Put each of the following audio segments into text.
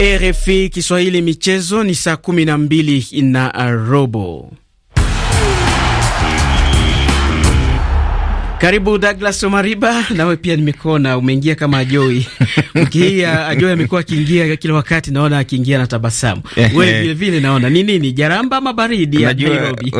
RFI Kiswahili michezo ni saa kumi na mbili na robo. Karibu Douglas Omariba, nawe pia nimekuona umeingia kama Ajoi wiki hii. Ah, ajoi amekuwa akiingia kila wakati, naona akiingia na tabasamu. Wewe vile vile naona ni nini, jaramba ama baridi ya Nairobi?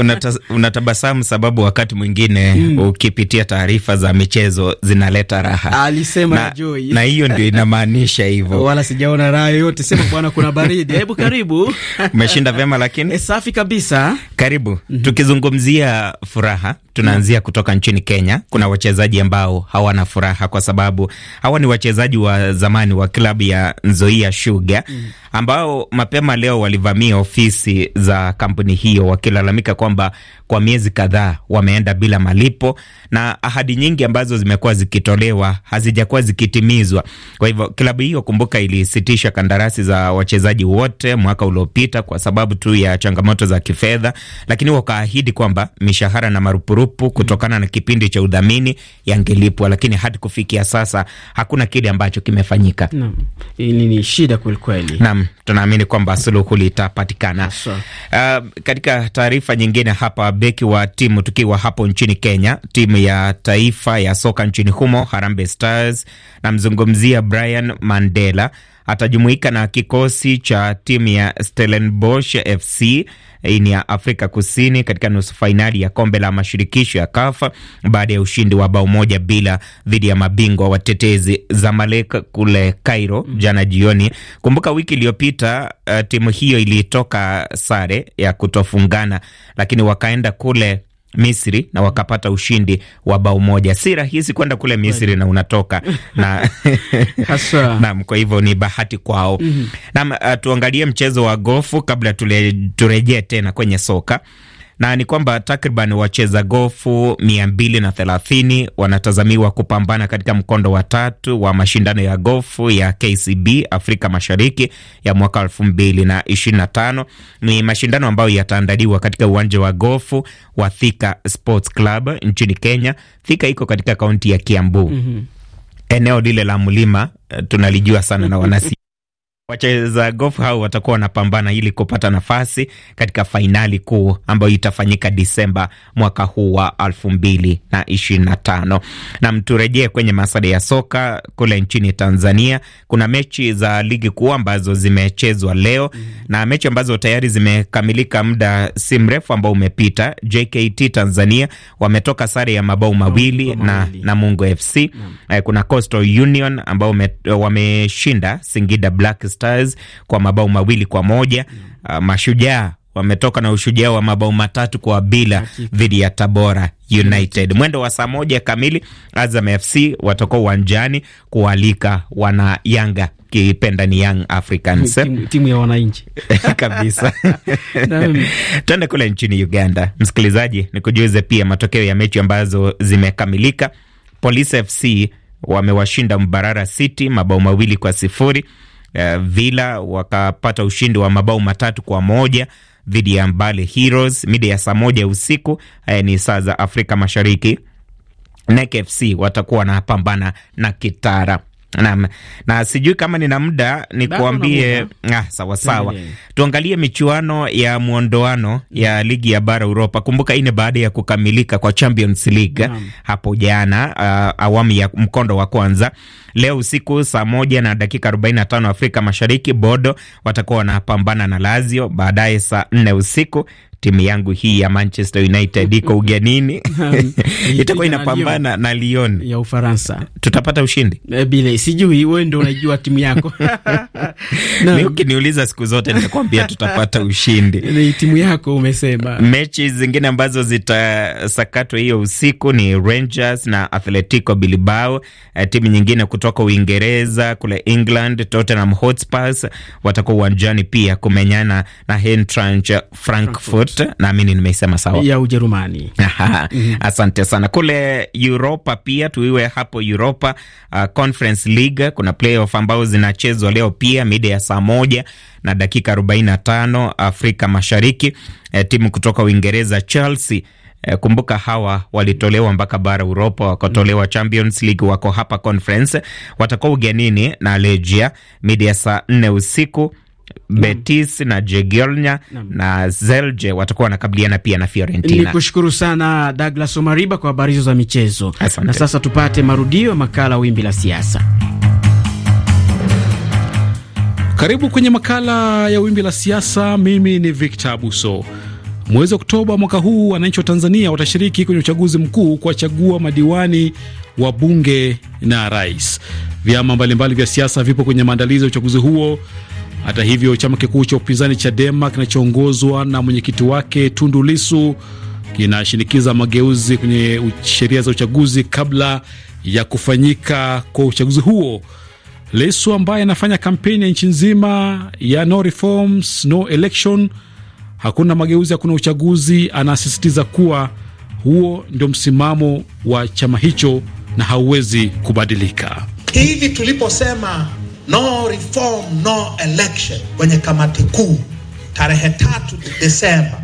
Unatabasamu sababu wakati mwingine mm, ukipitia taarifa za michezo zinaleta raha, ah, alisema Ajoi, na hiyo ndio inamaanisha hivyo. Wala sijaona raha yoyote, sema bwana, kuna baridi. Hebu karibu, umeshinda vyema lakini e, safi kabisa. Karibu mm -hmm. Tukizungumzia furaha tunaanzia mm -hmm. kutoka nchini Kenya kuna wachezaji ambao hawana furaha kwa sababu hawa ni wachezaji wa zamani wa klabu ya Nzoia Sugar mm. ambao mapema leo walivamia ofisi za kampuni hiyo wakilalamika kwamba kwa miezi kadhaa wameenda bila malipo na ahadi nyingi ambazo zimekuwa zikitolewa hazijakuwa zikitimizwa. Kwa hivyo klabu hiyo, kumbuka, ilisitisha kandarasi za wachezaji wote mwaka uliopita kwa sababu tu ya changamoto za kifedha, lakini wakaahidi kwamba mishahara na marupurupu kutokana na kipindi cha madhamini yangelipwa, lakini hadi kufikia sasa hakuna kile ambacho kimefanyika. Naam, ni shida kwelikweli. Naam, tunaamini kwamba suluhu litapatikana. Uh, katika taarifa nyingine hapa, beki wa timu, tukiwa hapo nchini Kenya, timu ya taifa ya soka nchini humo Harambee Stars, namzungumzia Brian Mandela atajumuika na kikosi cha timu ya Stellenbosch FC hii ni ya Afrika Kusini katika nusu fainali ya kombe la mashirikisho ya Kafa baada ya ushindi wa bao moja bila dhidi ya mabingwa watetezi Zamalek kule Cairo jana jioni. Kumbuka wiki iliyopita uh, timu hiyo ilitoka sare ya kutofungana, lakini wakaenda kule Misri na wakapata ushindi wa bao moja. Si rahisi kwenda kule Misri na unatoka na naam, kwa hivyo ni bahati kwao. Mm -hmm. Naam, uh, tuangalie mchezo wa gofu kabla tule, turejee tena kwenye soka na ni kwamba takriban wacheza gofu mia mbili na thelathini wanatazamiwa kupambana katika mkondo wa tatu wa mashindano ya gofu ya KCB Afrika Mashariki ya mwaka elfu mbili na ishirini na tano. Ni mashindano ambayo yataandaliwa katika uwanja wa gofu wa Thika Sports Club nchini Kenya. Thika iko katika kaunti ya Kiambu. mm -hmm. Eneo lile la mlima eh, tunalijua sana na wanasi Wacheza gofu hao watakuwa wanapambana ili kupata nafasi katika fainali kuu ambayo itafanyika Disemba mwaka huu wa mbili Na turejee kwenye masada ya soka kule nchini Tanzania. Kuna mechi za ligi kuu ambazo zimechezwa leo mm, na mechi ambazo tayari zimekamilika muda si mrefu ambao umepita. JKT Tanzania wametoka sare ya mabao mawili na, na, na FC mm. Kuna Coastal Union ambao wameshinda Singida Black Stars kwa mabao mawili kwa moja. Uh, mashujaa wametoka na ushujaa wa mabao matatu kwa bila dhidi ya Tabora United. Mwendo wa saa moja kamili Azam FC watakuwa uwanjani kualika wana Yanga, kipenda ni Young Africans, timu, timu ya wananchi kabisa. Tuende kule nchini Uganda, msikilizaji, nikujuze pia matokeo ya mechi ambazo zimekamilika. Police FC wamewashinda Mbarara City mabao mawili kwa sifuri uh, Villa wakapata ushindi wa mabao matatu kwa moja dhidi ya Mbale Heroes mida ya saa moja usiku. Haya eh, ni saa za Afrika Mashariki. NEC FC watakuwa wanapambana na Kitara. Naam, na sijui kama nina muda nikuambie. Ah, sawa sawa, tuangalie michuano ya mwondoano ya mm. ligi ya bara Uropa. Kumbuka hii ni baada ya kukamilika kwa Champions League Naam. hapo jana uh, awamu ya mkondo wa kwanza. Leo usiku saa moja na dakika 45 Afrika Mashariki, Bodo watakuwa wanapambana na Lazio, baadaye saa nne usiku timu yangu hii ya Manchester United iko ugenini itakuwa inapambana na Lyon ya Ufaransa, tutapata ushindi eh, bila, sijui wewe ndio unajua timu yako mimi ukiniuliza siku zote nitakwambia tutapata ushindi. Ni timu yako umesema. Mechi zingine ambazo zitasakatwa hiyo usiku ni Rangers na Atletico Bilbao. Eh, timu nyingine kutoka Uingereza kule England, Tottenham Hotspurs watakuwa uwanjani pia kumenyana na Eintracht Frankfurt yote, naamini nimeisema sawa, ya Ujerumani. Mhm. Asante sana. Kule Uropa pia tuiwe hapo Uropa, uh, Conference League kuna playoff ambao zinachezwa leo pia mida ya saa moja na dakika 45 Afrika Mashariki. Eh, timu kutoka Uingereza Chelsea eh, Kumbuka hawa walitolewa mpaka bara Uropa, wakatolewa mm. Champions League, wako hapa Conference, watakuwa ugenini na Legia midi ya saa nne usiku mm. Betis na Jegelnya mm. na Zelje watakuwa wanakabiliana pia na Fiorentina. Nikushukuru sana Douglas Omariba kwa habari hizo za michezo. Asante. Na sasa tupate marudio ya makala Wimbi la Siasa. Karibu kwenye makala ya Wimbi la Siasa. Mimi ni Victor Abuso. Mwezi Oktoba mwaka huu wananchi wa Tanzania watashiriki kwenye uchaguzi mkuu kuwachagua madiwani, wa bunge na rais. Vyama mbalimbali vya siasa vipo kwenye maandalizi ya uchaguzi huo hata hivyo, chama kikuu cha upinzani Chadema kinachoongozwa na mwenyekiti wake Tundu Lisu kinashinikiza mageuzi kwenye sheria za uchaguzi kabla ya kufanyika kwa uchaguzi huo. Lisu ambaye anafanya kampeni ya nchi nzima ya no reforms, no election, hakuna mageuzi, hakuna uchaguzi, anasisitiza kuwa huo ndio msimamo wa chama hicho na hauwezi kubadilika. Hivi tuliposema no reform no election kwenye kamati kuu tarehe tatu Desemba,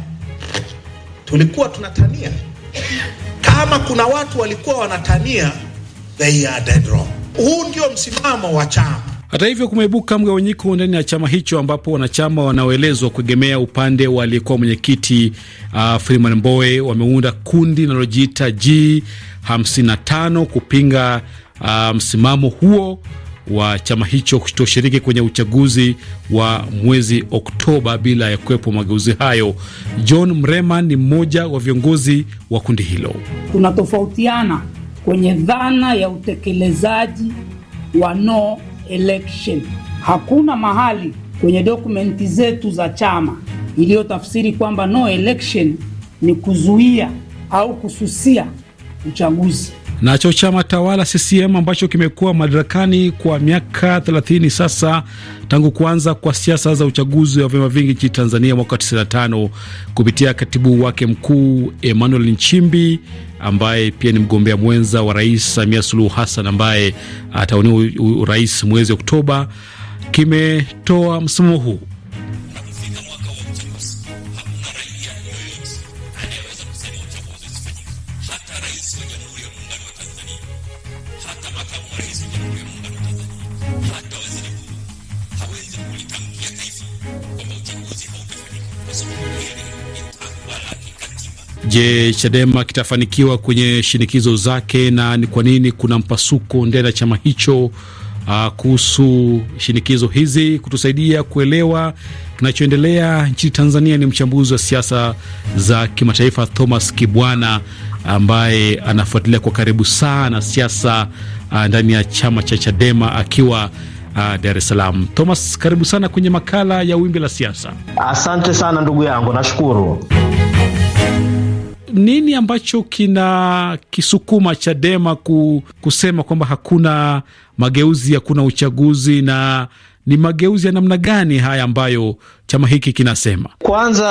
tulikuwa tunatania. Kama kuna watu walikuwa wanatania, they are dead wrong. Huu ndio msimamo wa chama. Hata hivyo, kumeibuka mgawanyiko ndani ya chama hicho ambapo wanachama wanaoelezwa kuegemea upande wa aliyekuwa mwenyekiti uh, Freeman Mbowe wameunda kundi linalojiita G55 kupinga uh, msimamo huo wa chama hicho kutoshiriki kwenye uchaguzi wa mwezi Oktoba bila ya kuwepo mageuzi hayo. John Mrema ni mmoja wa viongozi wa kundi hilo. Tunatofautiana kwenye dhana ya utekelezaji wa no election. Hakuna mahali kwenye dokumenti zetu za chama iliyotafsiri kwamba no election ni kuzuia au kususia uchaguzi. Nacho chama tawala CCM ambacho kimekuwa madarakani kwa miaka 30 sasa tangu kuanza kwa siasa za uchaguzi wa vyama vingi nchini Tanzania mwaka 95 kupitia katibu wake mkuu Emmanuel Nchimbi ambaye pia ni mgombea mwenza wa Rais Samia Suluhu Hassan ambaye atawania urais mwezi Oktoba kimetoa msimamo huu Je, Chadema kitafanikiwa kwenye shinikizo zake na ni kwa nini kuna mpasuko ndani ya chama hicho? Uh, kuhusu shinikizo hizi, kutusaidia kuelewa kinachoendelea nchini Tanzania ni mchambuzi wa siasa za kimataifa Thomas Kibwana ambaye anafuatilia kwa karibu sana siasa uh, ndani ya chama cha Chadema akiwa Uh, Dar es Salaam. Thomas, karibu sana kwenye makala ya Wimbi la Siasa. Asante sana ndugu yangu, nashukuru nini ambacho kina kisukuma Chadema ku, kusema kwamba hakuna mageuzi, hakuna uchaguzi, na ni mageuzi ya namna gani haya ambayo chama hiki kinasema kwanza,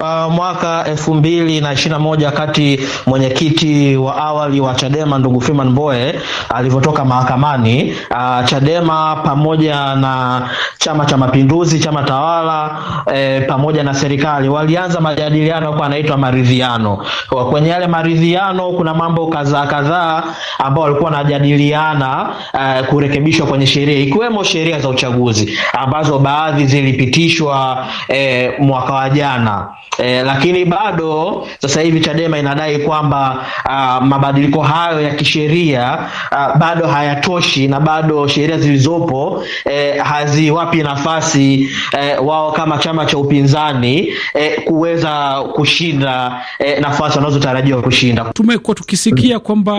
uh, mwaka elfu mbili na ishirini na moja kati mwenyekiti wa awali wa Chadema ndugu Freeman Mbowe alivyotoka mahakamani, uh, Chadema pamoja na Chama cha Mapinduzi, chama tawala, eh, pamoja na serikali walianza majadiliano kwa anaitwa maridhiano. Kwenye yale maridhiano kuna mambo kadhaa kadhaa ambao walikuwa wanajadiliana eh, kurekebishwa kwenye sheria ikiwemo sheria za uchaguzi ambazo baadhi zilipitishwa eh, mwaka wa jana eh, lakini bado sasa hivi Chadema inadai kwamba uh, mabadiliko hayo ya kisheria uh, bado hayatoshi na bado sheria zilizopo eh, haziwapi nafasi eh, wao kama chama cha upinzani eh, kuweza kushinda eh, nafasi wanazotarajiwa kushinda. Tumekuwa tukisikia kwamba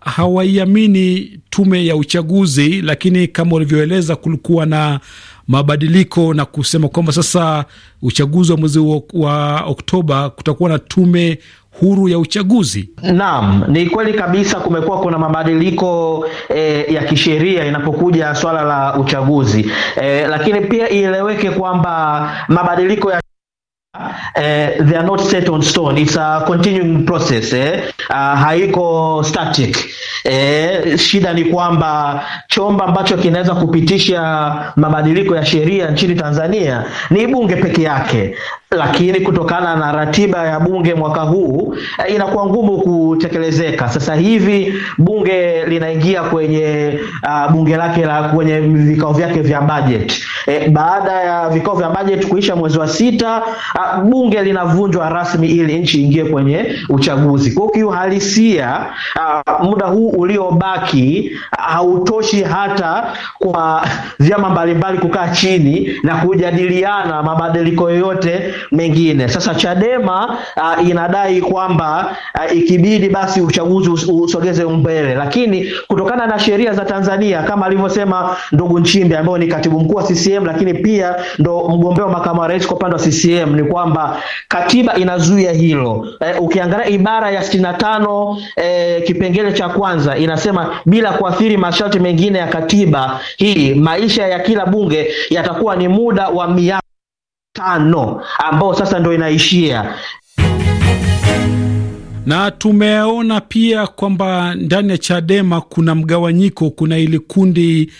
hawaiamini tume ya uchaguzi, lakini kama ulivyoeleza kulikuwa na mabadiliko na kusema kwamba sasa uchaguzi wa mwezi wa Oktoba kutakuwa na tume huru ya uchaguzi. Naam, ni kweli kabisa, kumekuwa kuna mabadiliko e, ya kisheria inapokuja swala la uchaguzi e, lakini pia ieleweke kwamba mabadiliko ya eh, they are not set on stone. It's a continuing process eh. Uh, haiko static eh. Shida ni kwamba chombo ambacho kinaweza kupitisha mabadiliko ya sheria nchini Tanzania ni bunge peke yake lakini kutokana na ratiba ya bunge mwaka huu eh, inakuwa ngumu kutekelezeka. Sasa hivi bunge linaingia kwenye uh, bunge lake la kwenye vikao vyake vya budget. eh, baada ya vikao vya budget kuisha mwezi wa sita, uh, bunge linavunjwa rasmi ili nchi ingie kwenye uchaguzi. Kwa kiuhalisia, uh, muda huu uliobaki hautoshi uh, hata kwa vyama mbalimbali kukaa chini na kujadiliana mabadiliko yoyote mengine. Sasa Chadema uh, inadai kwamba uh, ikibidi basi uchaguzi usogeze mbele, lakini kutokana na sheria za Tanzania kama alivyosema ndugu Nchimbi ambaye ni katibu mkuu wa CCM, lakini pia ndo mgombea wa makamu wa rais kwa upande wa CCM, ni kwamba katiba inazuia hilo. Uh, ukiangalia ibara ya 65 uh, eh, kipengele cha kwanza inasema bila kuathiri masharti mengine ya katiba hii, maisha ya kila bunge yatakuwa ni muda wa miaka tano ambao sasa ndo inaishia na tumeona pia kwamba ndani ya Chadema kuna mgawanyiko. Kuna ili kundi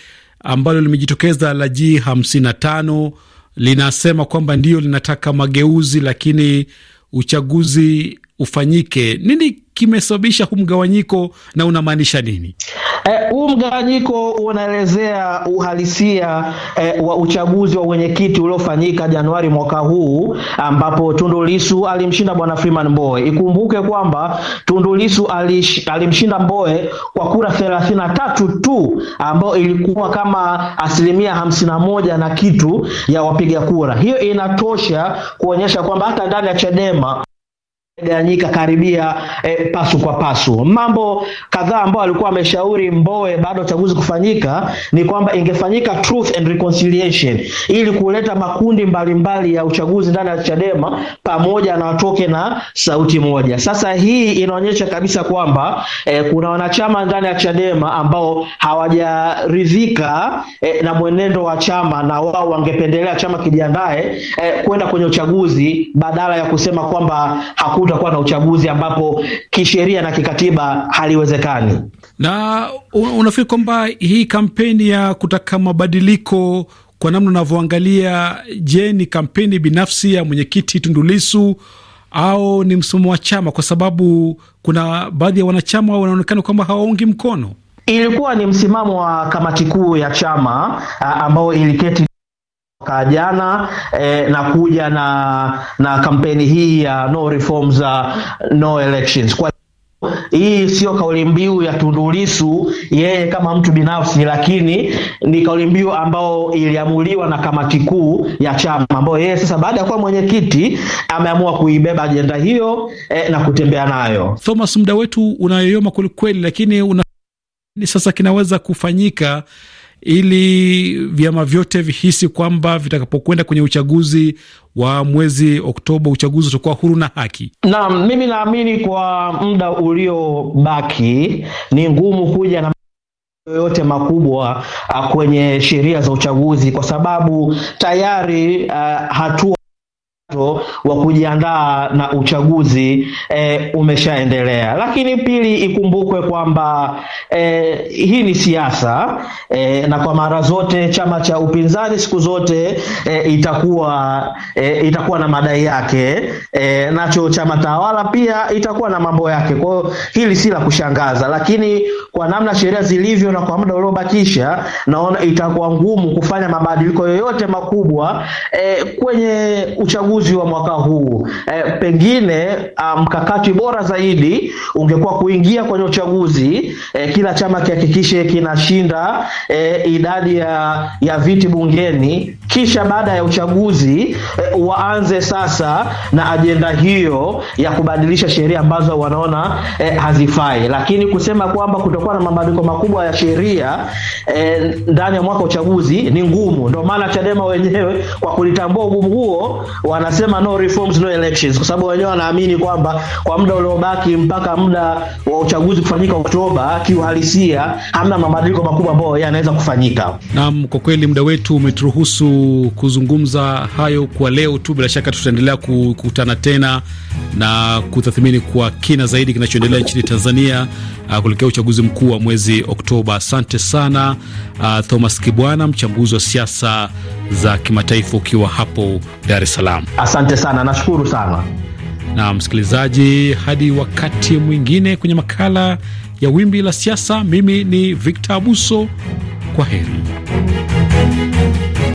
ambalo limejitokeza la G55 linasema kwamba ndio linataka mageuzi, lakini uchaguzi ufanyike. Nini kimesababisha huu mgawanyiko na unamaanisha nini? E, huu e, mgawanyiko unaelezea uhalisia e, wa uchaguzi wa wenyekiti uliofanyika Januari mwaka huu ambapo Tundu Lissu alimshinda bwana Freeman Mbowe. Ikumbuke kwamba Tundu Lissu alimshinda Mbowe kwa kura thelathini na tatu tu ambayo ilikuwa kama asilimia hamsini na moja na kitu ya wapiga kura. Hiyo inatosha kuonyesha kwamba hata ndani ya Chadema gawanyika karibia e, pasu kwa pasu. Mambo kadhaa ambayo alikuwa ameshauri Mbowe bado ya uchaguzi kufanyika ni kwamba ingefanyika truth and reconciliation ili kuleta makundi mbalimbali mbali ya uchaguzi ndani ya Chadema pamoja na watoke na sauti moja. Sasa hii inaonyesha kabisa kwamba e, kuna wanachama ndani ya Chadema ambao hawajaridhika e, na mwenendo wa chama na wao wangependelea chama kijiandae e, kwenda kwenye uchaguzi badala ya kusema kwamba hakuna kutakuwa na uchaguzi ambapo kisheria na kikatiba haliwezekani. Na unafikiri kwamba hii kampeni ya kutaka mabadiliko kwa namna unavyoangalia, je, ni kampeni binafsi ya mwenyekiti Tundu Lissu au ni msimamo wa chama? Kwa sababu kuna baadhi ya wanachama wanaonekana kwamba hawaungi mkono. Ilikuwa ni msimamo wa kamati kuu ya chama ambao iliketi mwaka jana eh, na kuja na na kampeni hii ya no reforms, uh, no elections. Kwa hii siyo kauli mbiu ya Tundu Lissu yeye kama mtu binafsi, lakini ni kauli mbiu ambayo iliamuliwa na kamati kuu ya chama ambayo yeye sasa baada ya kuwa mwenyekiti ameamua kuibeba ajenda hiyo eh, na kutembea nayo. Thomas, muda wetu unayoyoma kwelikweli, lakini una... sasa kinaweza kufanyika ili vyama vyote vihisi kwamba vitakapokwenda kwenye uchaguzi wa mwezi Oktoba, uchaguzi utakuwa huru na haki. Naam, mimi naamini kwa muda uliobaki ni ngumu kuja na yoyote makubwa ah, kwenye sheria za uchaguzi kwa sababu tayari uh, hatua wa kujiandaa na uchaguzi e, umeshaendelea. Lakini pili, ikumbukwe kwamba e, hii ni siasa e, na kwa mara zote chama cha upinzani siku zote e, itakuwa e, itakuwa na madai yake e, nacho chama tawala pia itakuwa na mambo yake. Kwa hiyo hili si la kushangaza, lakini kwa namna sheria zilivyo na kwa muda uliobakisha, naona itakuwa ngumu kufanya mabadiliko yoyote makubwa e, kwenye uchaguzi uchaguzi wa mwaka huu e, pengine ah, mkakati um, bora zaidi ungekuwa kuingia kwenye uchaguzi e, kila chama kihakikishe kinashinda e, idadi ya, ya viti bungeni, kisha baada ya uchaguzi e, waanze sasa na ajenda hiyo ya kubadilisha sheria ambazo wanaona e, hazifai. Lakini kusema kwamba kutokuwa na mabadiliko makubwa ya sheria e, ndani ya mwaka uchaguzi ni ngumu. Ndio maana Chadema wenyewe kwa kulitambua ugumu huo wana wanasema no reforms no elections, kwa sababu wenyewe wanaamini kwamba kwa muda uliobaki mpaka muda wa uchaguzi kufanyika Oktoba, kiuhalisia hamna mabadiliko makubwa ambayo yanaweza kufanyika. Naam, kwa kweli muda wetu umeturuhusu kuzungumza hayo kwa leo tu. Bila shaka tutaendelea kukutana tena na kutathmini kwa kina zaidi kinachoendelea nchini Tanzania ah, kuelekea uchaguzi mkuu wa mwezi Oktoba. Asante sana uh, Thomas Kibwana, mchambuzi wa siasa za kimataifa, ukiwa hapo Dar es Salaam. Asante sana, nashukuru sana. Na msikilizaji, hadi wakati mwingine kwenye makala ya Wimbi la Siasa. Mimi ni Victor Abuso, kwa heri.